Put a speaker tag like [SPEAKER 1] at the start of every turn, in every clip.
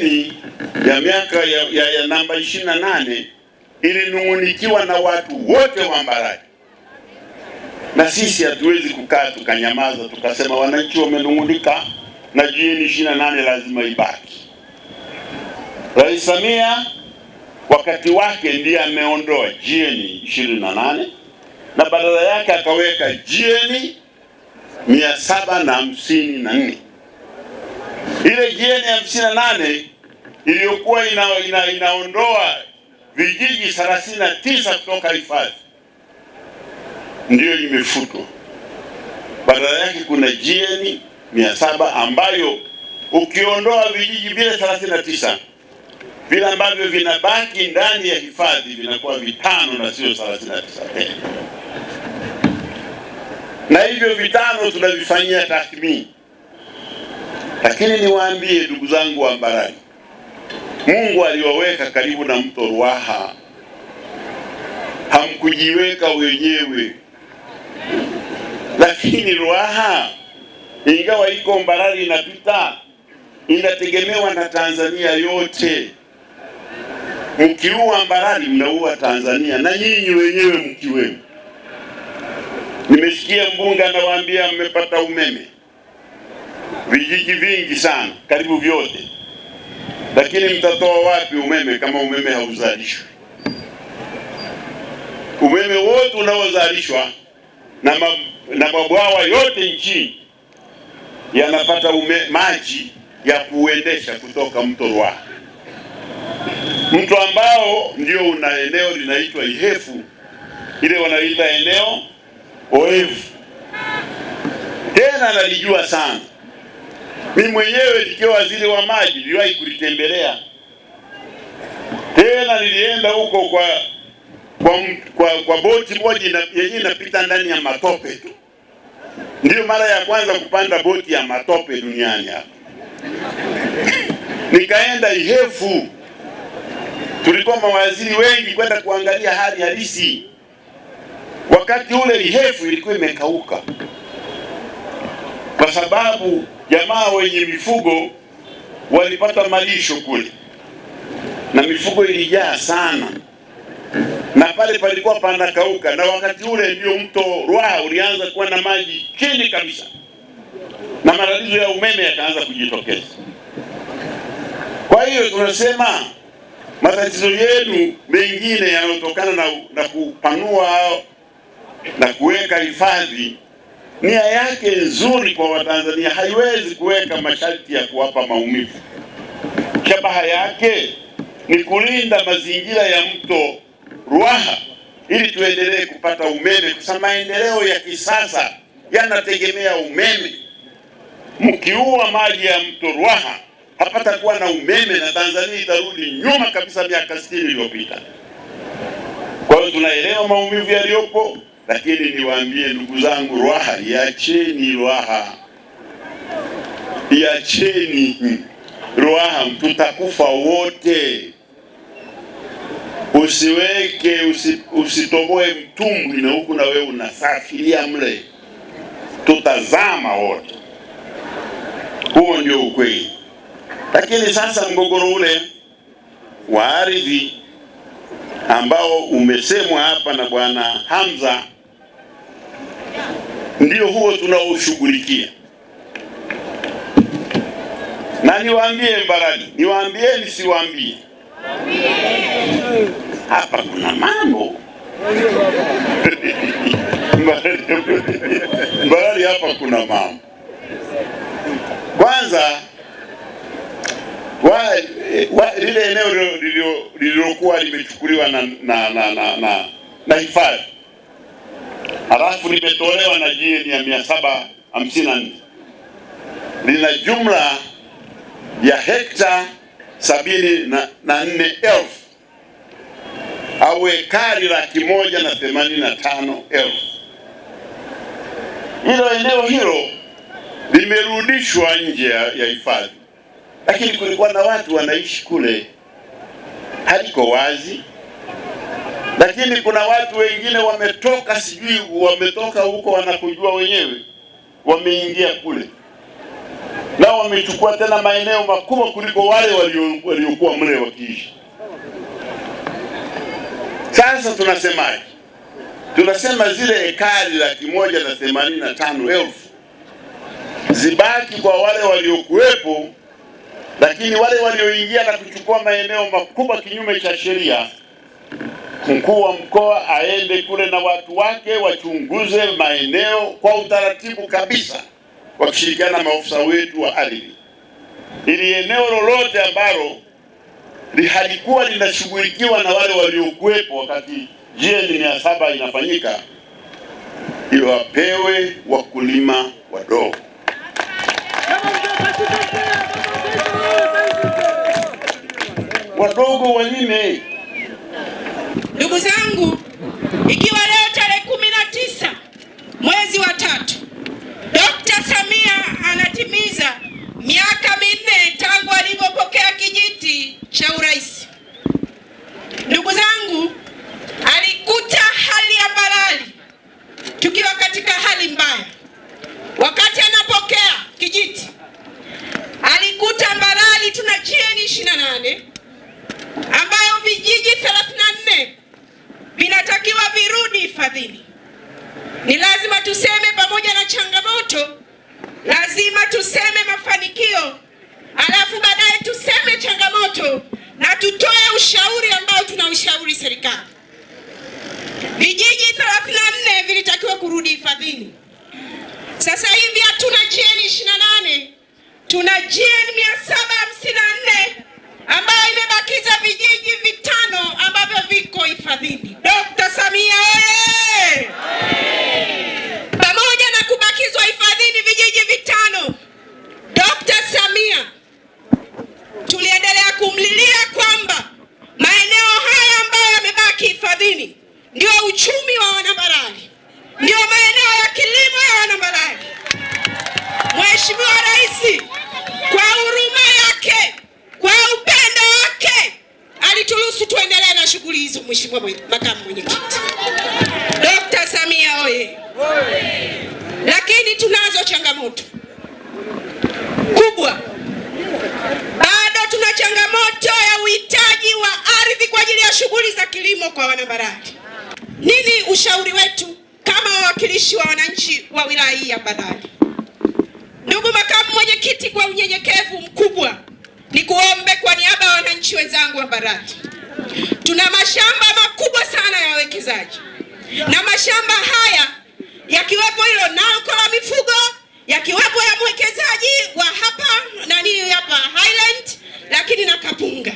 [SPEAKER 1] ni ya miaka ya, ya, ya namba 28 ilinung'unikiwa na watu wote wa Mbarali, na sisi hatuwezi kukaa tukanyamaza tukasema wananchi wamenung'unika na GN 28 lazima ibaki. Rais Samia wakati wake ndiye ameondoa GN 28 na badala yake akaweka GN mia na na ile jieni hamsini na nane iliyokuwa ina, ina, inaondoa vijiji thelathini na tisa kutoka hifadhi ndiyo imefutwa. Badala yake kuna jieni mia saba ambayo ukiondoa vijiji vile thelathini na tisa vile ambavyo vinabaki ndani ya hifadhi vinakuwa vitano na sio tisa na hivyo vitano tunavifanyia tathmini. Lakini niwaambie ndugu zangu wa Mbarali, Mungu aliwaweka karibu na mto Ruaha, hamkujiweka wenyewe. Lakini Ruaha ingawa iko Mbarali inapita, inategemewa na Tanzania yote. Mkiua Mbarali mnaua Tanzania na nyinyi wenyewe mkiwemo. Nimesikia mbunge anawaambia mmepata umeme vijiji vingi sana, karibu vyote. Lakini mtatoa wapi umeme kama umeme hauzalishwi? Umeme wote unaozalishwa na, ma, na mabwawa yote nchini yanapata maji ya kuendesha kutoka mto Ruaha, mto ambao ndio una eneo linaitwa Ihefu, ile wanaita eneo oevu, tena nalijua sana mi mwenyewe nikiwa waziri wa maji niliwahi kulitembelea, tena nilienda huko kwa kwa, kwa, kwa boti moja yenyewe inapita ndani ya matope tu. Ndiyo mara ya kwanza kupanda boti ya matope duniani hapa. Nikaenda Ihefu, tulikuwa mawaziri wengi kwenda kuangalia hali halisi. Wakati ule Ihefu ilikuwa imekauka kwa sababu jamaa wenye mifugo walipata malisho kule na mifugo ilijaa sana, na pale palikuwa panakauka, na wakati ule ndio mto Ruaha ulianza kuwa na maji chini kabisa, na matatizo ya umeme yakaanza kujitokeza. Kwa hiyo tunasema matatizo yenu mengine yanayotokana na, na kupanua na kuweka hifadhi nia yake nzuri kwa Watanzania haiwezi kuweka masharti ya kuwapa maumivu. Shabaha yake ni kulinda mazingira ya mto Ruaha ili tuendelee kupata umeme, kwa sababu maendeleo ya kisasa yanategemea umeme. Mkiua maji ya mto Ruaha kuwa na umeme na Tanzania itarudi nyuma kabisa miaka 60 iliyopita. Kwa hiyo tunaelewa maumivu yaliyopo. Lakini niwaambie ndugu zangu, Ruaha iacheni, Ruaha iacheni, Ruaha tutakufa wote. Usiweke usi, usitoboe mtumbwi na huku na wewe unasafiria mle, tutazama wote. Huo ndio ukweli. Lakini sasa mgogoro ule wa ardhi ambao umesemwa hapa na bwana Hamza ndio huo tunaoshughulikia. Na niwaambie Mbarali, niwaambie nisiwaambie, hapa kuna mambo Mbarali hapa kuna mambo. Kwanza wa, wa, lile eneo lililokuwa limechukuliwa na na na na, na, na hifadhi halafu limetolewa na GN ya mia saba hamsini na nne lina jumla ya hekta sabini na, na nne elfu au ekari laki moja na themanini na tano elfu. Hilo eneo hilo limerudishwa nje ya hifadhi, lakini kulikuwa na watu wanaishi kule, haliko wazi lakini kuna watu wengine wametoka, sijui wametoka huko wanakujua wenyewe, wameingia kule nao wamechukua tena maeneo makubwa kuliko wale waliokuwa mle wakiishi. Sasa tunasemaje? Tunasema zile ekari laki moja na themanini na tano elfu zibaki kwa wale waliokuwepo, lakini wale walioingia na kuchukua maeneo makubwa kinyume cha sheria mkuu wa mkoa aende kule na watu wake wachunguze maeneo kwa utaratibu kabisa, wakishirikiana na maofisa wetu wa ardhi, ili eneo lolote ambalo halikuwa linashughulikiwa na wale waliokuwepo wakati GN mia saba inafanyika iwapewe wakulima wadogo. Wadogo wanyime
[SPEAKER 2] Ndugu zangu, ikiwa leo tuseme mafanikio, alafu baadaye tuseme changamoto na tutoe ushauri ambao tunaushauri serikali. Vijiji 34 vilitakiwa kurudi hifadhini. Sasa hivi hatuna GN 28, tuna GN 700. Mheshimiwa makamu mwenyekiti Dr. Samia oye! Lakini tunazo changamoto kubwa, bado tuna changamoto ya uhitaji wa ardhi kwa ajili ya shughuli za kilimo kwa Wanabarali. Nini ushauri wetu kama wawakilishi wa wananchi wa wilaya hii ya Mbarali? Ndugu makamu mwenyekiti, kwa unyenyekevu mkubwa ni kuombe kwa niaba ya wananchi wenzangu wa Mbarali Tuna mashamba makubwa sana ya wawekezaji na mashamba haya yakiwepo hilo nalo kwa mifugo yakiwepo ya mwekezaji wa hapa nani hapa Highland, lakini na Kapunga.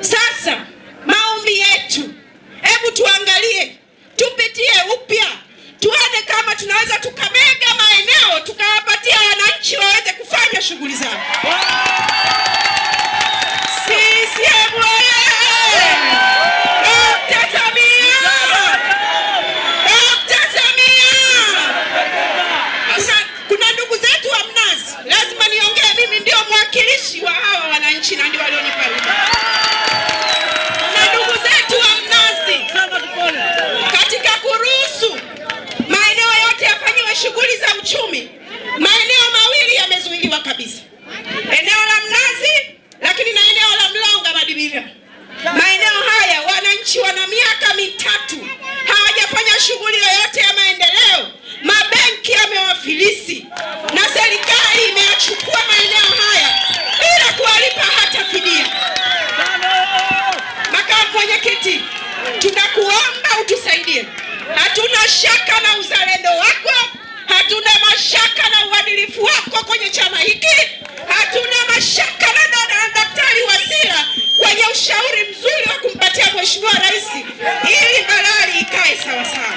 [SPEAKER 2] Sasa maombi yetu, hebu tuangalie, tupitie upya, tuone kama tunaweza tukamega maeneo tukawapatia wananchi waweze kufanya shughuli zao. Maeneo haya wananchi wana miaka mitatu hawajafanya shughuli yoyote ya maendeleo. Mabenki yamewafilisi na serikali imeyachukua maeneo haya bila kuwalipa hata fidia. Makamu mwenyekiti, tunakuomba utusaidie. Hatuna shaka na uzalendo wako, hatuna mashaka na uadilifu wako kwenye chama hiki, hatuna mashaka Daktari Wasira wenye ushauri mzuri wa kumpatia Mheshimiwa Rais ili bandari ikae sawasawa.